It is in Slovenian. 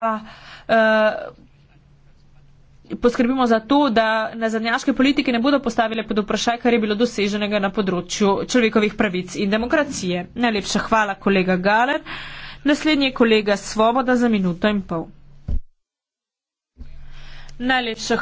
pa eh, poskrbimo za to, da na zadnjaške politike ne bodo postavile pod vprašaj, kar je bilo doseženega na področju človekovih pravic in demokracije. Najlepša hvala, kolega Galer. Naslednji je kolega Svoboda za minuto in pol. Najlepša